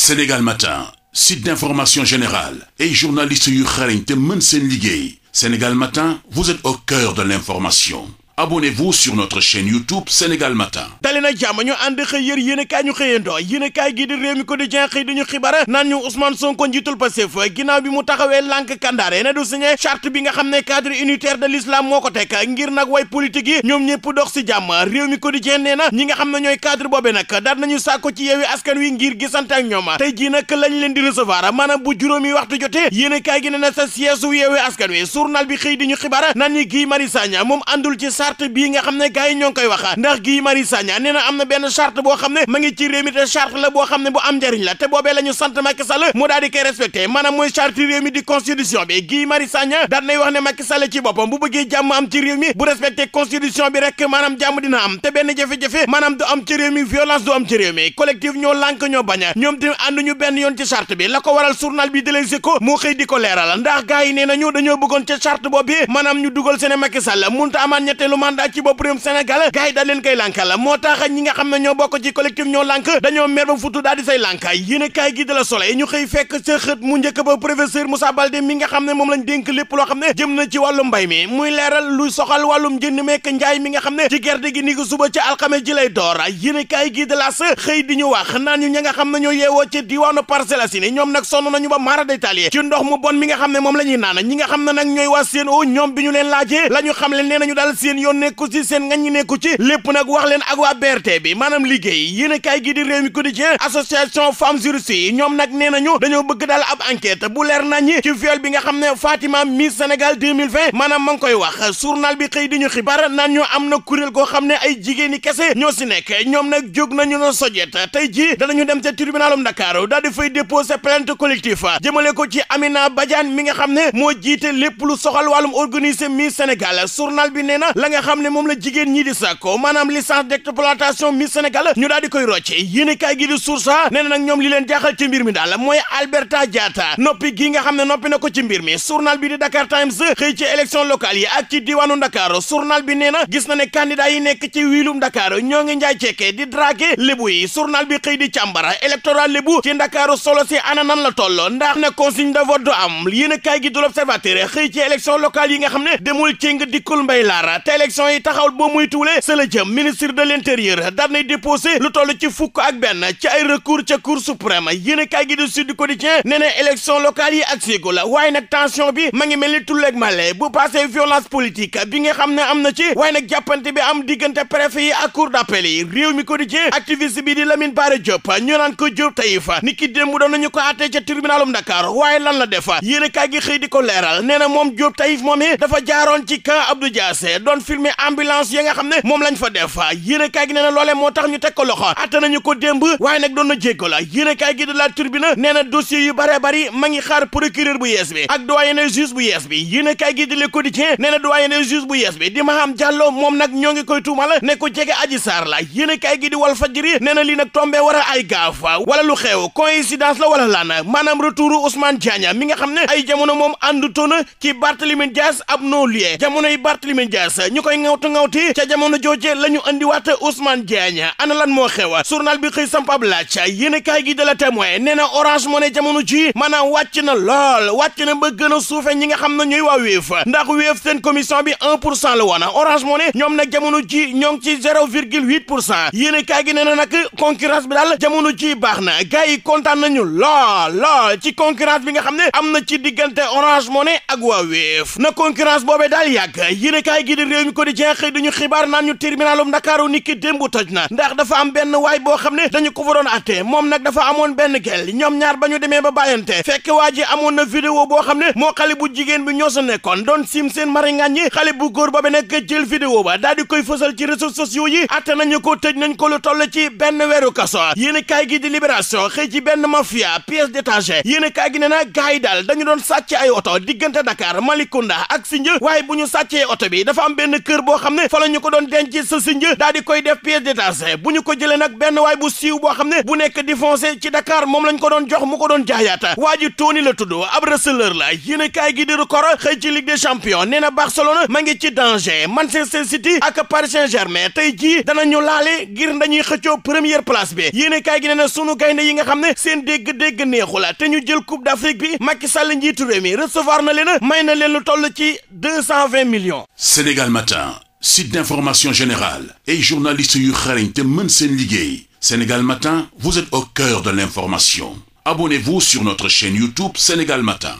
Sénégal Matin site d'information générale et journaliste yu xarañ te mën seen liggéey Sénégal Matin vous êtes au cœur de l'information abonnez-vous sur notre chaîne YouTube Sénégal Matin dali jàmm ñu ànd xëy yër yéen kaay ñu xëyandoo yéen a kaay gii di réew mi quotidien xëy dañu xibara naan ñu Ousmane Sonko njiitul Pastef ginnaaw bi mu taxawee lànk kandaare ne du signé charte bi nga xam ne cadre unitaire de l'islam moo ko teg ngir nag way politique yi ñoom ñëpp dox si jàmm réew mi quotidien nee na ñi nga xam ne ñooy cadre boobee nag daan nañu sàkko ci yeewi askan wi ngir gisante ak ñoom tey jii nag lañ leen di recevoir maanaam bu juróomi waxtu a kaay gi nee na sa siège yeewi askan wi bi xëy di ñu xibara naan ñi Guy Marius Sagna moom àndul ci charte bii nga xam ne gars yi ñoo ngi koy wax ma ngi ci réew mi te charte la boo xam ne mu daal di koy respecté maanaam mooy di constitution bi Guy Marius Sagna daan nay wax ne Macky Sall ci boppam bu bëggee jàmm am ci réew bu respecté constitution bi rek maanaam jàmm dina am te benn jafe-jafe maanaam du am ci réew mi violence am ci réew mi ñoo lànk ñoo baña ñoom tamit ànduñu benn yoon ci charte bi la ko waral journal bi délégué ko moo xëy di ko leeral ndax gars yi nee nañu dañoo bëggoon ca charte boobu maanaam ñu dugal seen Macky mandat ci bopp réewum Sénégal gars yi daal leen moo tax ñi nga xam ne ñoo bokk ci collectif ñoo lànk dañoo mer ba futu daal di say lànk yéen kaay gi de ñu xëy fekk sa xët mu njëkk ba professeur Moussa Baldé mi nga xam ne moom lañ dénk lépp loo xam ne jëm na ci wàllum mbay mi muy leeral lu soxal wàllum jënd meek njaay mi nga xam ne ci gerte gi ni ko suba ci alxames ji lay door yéen kaay gi de la sa xëy di ne ñoom nag sonn nañu ba maara day taali ci ndox mu bon mi nga xam ne moom la ñuy naan nga xam ne nag ñooy waa seen ñoom bi ñu leen laajee yoon nekku ci seen ngañ nekku ci lépp nag wax leen ak waa BRT bi maanaam liggéey yéen a kaay gi di réew mi quotidien association femmes juristes yi ñoom nag nee nañu dañoo bëgg daal ab enquête bu leer nañ ci viol bi nga xam ne Fatima Miss Sénégal 2020 maanaam ma ngi koy wax journal bi xëy di ñu xibaar naan ñu am na kuréel koo xam ne ay jigéen ñi kese ñoo si nekk ñoom nag jóg nañu na sojet tey jii danañu dem ca tribunalum Dakar daal di fay déposer plainte collectif jëmale ko ci Amina Badiane mi nga xam ne moo jiite lépp lu soxal wàllum organiser Miss Sénégal journal bi nee na la nga xam ne moom la jigéen ñi di sàkko maanaam licence d'exploitation Miss Sénégal ñu daal di koy rocce yéen kaay gi di source nee na ñoom li leen jaaxal ci mbir mi daal mooy Alberta Diatta noppi gi nga xam ne noppi na ko ci mbir mi journal bi di Dakar Times xëy ci élection yi ak diwaanu Dakar journal bi nee na gis na ne candidat yi nekk ci wiilum Dakar ñoo ngi njaay cekkee di dragué lébu yi journal bi xëy di càmbara électoral lébu ci Dakar la toll ndax na consigne de vote do am yéen yi nga xam ne demul ci élection yi taxawul ba muy tuule sa la jëm ministre de l' intérieur daan nay déposé lu toll ci fukk ak benn ci ay recours ca cour suprême yéen a di Sud Quotidien nee na élection locale yi ak séego la waaye nag tension bi ma ngi mel ni male bu passé violence politique bi nga xam ne am na ci waaye nag jàppante bi am diggante préfet yi ak cour d' appel yi réew mi Quotidien activiste bi di Lamine Bara Diop ñu naan ko Diop Taïfa ni ki démb doon nañu ko lan la def yéen a kaay gi xëy di ko na moom Diop Taïf moom dafa jaaroon ci camp Abdou filmer ambulance yi nga xam ne moom lañ fa def yéene kaay gi nee na loolee moo tax ñu teg ko loxo atte nañu ko démb waaye nag doon na jéggal yéene kaay gi de la Tribune nee na yu bare bari ma ngi xaar procureur bu yees bi ak doyen des juges bu yees bi yéene kaay gi de Le Quotidien nee na doyen des juges bu yees bi di Maham Diallo moom nag ñoo ngi koy tuumal ne ko nag tombé war a ay gaaf wala lu xew coïncidence la wala lan maanaam xam ne ay jamono moom ñu koy ŋawtu ŋawti ca jamono jooje la ñu andiwaat Ousmane Diagne ana lan moo xewa journal bi xëy sampab laaj yéen kaay gi de la nee na Orange Money jamono ji maanaam wàcc na lool wàcc na ba gën a suufe ñi nga xam ne ñooy waa Wave ndax Wave seen commission bi un pour cent la woon Orange Money ñoom nag jamono ji ñoo ci zéro virgule huit pour cent yéen kaay gi nee na nag concurrence bi daal na gars yi kontaan ci concurrence bi nga xam ne am na ci diggante Orange Money ak waa Wave na concurrence boobee daal yàgg mi quotidien xëy duñu xibaar naan ñu tribunalum Ndakaaru niki démb toj na ndax dafa am benn waay boo xam ne dañu ko fa doon atte moom nag dafa amoon benn gel ñoom ñaar ba ñu demee ba bàyyante fekk waa ji amoon na vidéo boo xam ne moo xale bu jigéen bi ñoo sa nekkoon doon sim seen maringaan yi xale bu góor ba bi nekk jël vidéo ba daal di koy fësal ci réseaux sociaux yi atte nañu ko tëj nañ ko lu toll ci benn weeru kaso yéen kaay gi di libération xëy ci benn mafia pièce gi na gars yi daal dañu doon sàcc ay oto diggante Dakar Malicounda ak Sindia waaye bu ñu sàccee oto bi dafa am benn kër boo xam ne fa ñu ko doon denc sa sinj daal di koy def pièce détachée bu ñu ko jëlee nag benn waay bu siiw boo xam ne bu nekk di foncé ci dakaar moom lañ ko doon jox mu ko doon jaayaata waa ji Tony la tudd ab receleur la yéen a kaay gi di record xëy ci Ligue des champions nee na ma ngi ci danger Manchester City ak Paris Saint-Germain tey jii ñu laale ngir dañuy xëccoo première place bi yéen a gi nee na sunu gaynde yi nga xam ne seen dégg-dégg te ñu jël coupe d'Afrique bi Macky Sall njiitu réew mi recevoir na leen may na leen lu toll ci deux cent vingt millions. Sénégal Matin. Matin site d'information générale ay journalistes yu xarañ te mën seen liggéey Sénégal Matin vous êtes au cœur de l'information abonnez-vous sur notre chaîne YouTube Sénégal Matin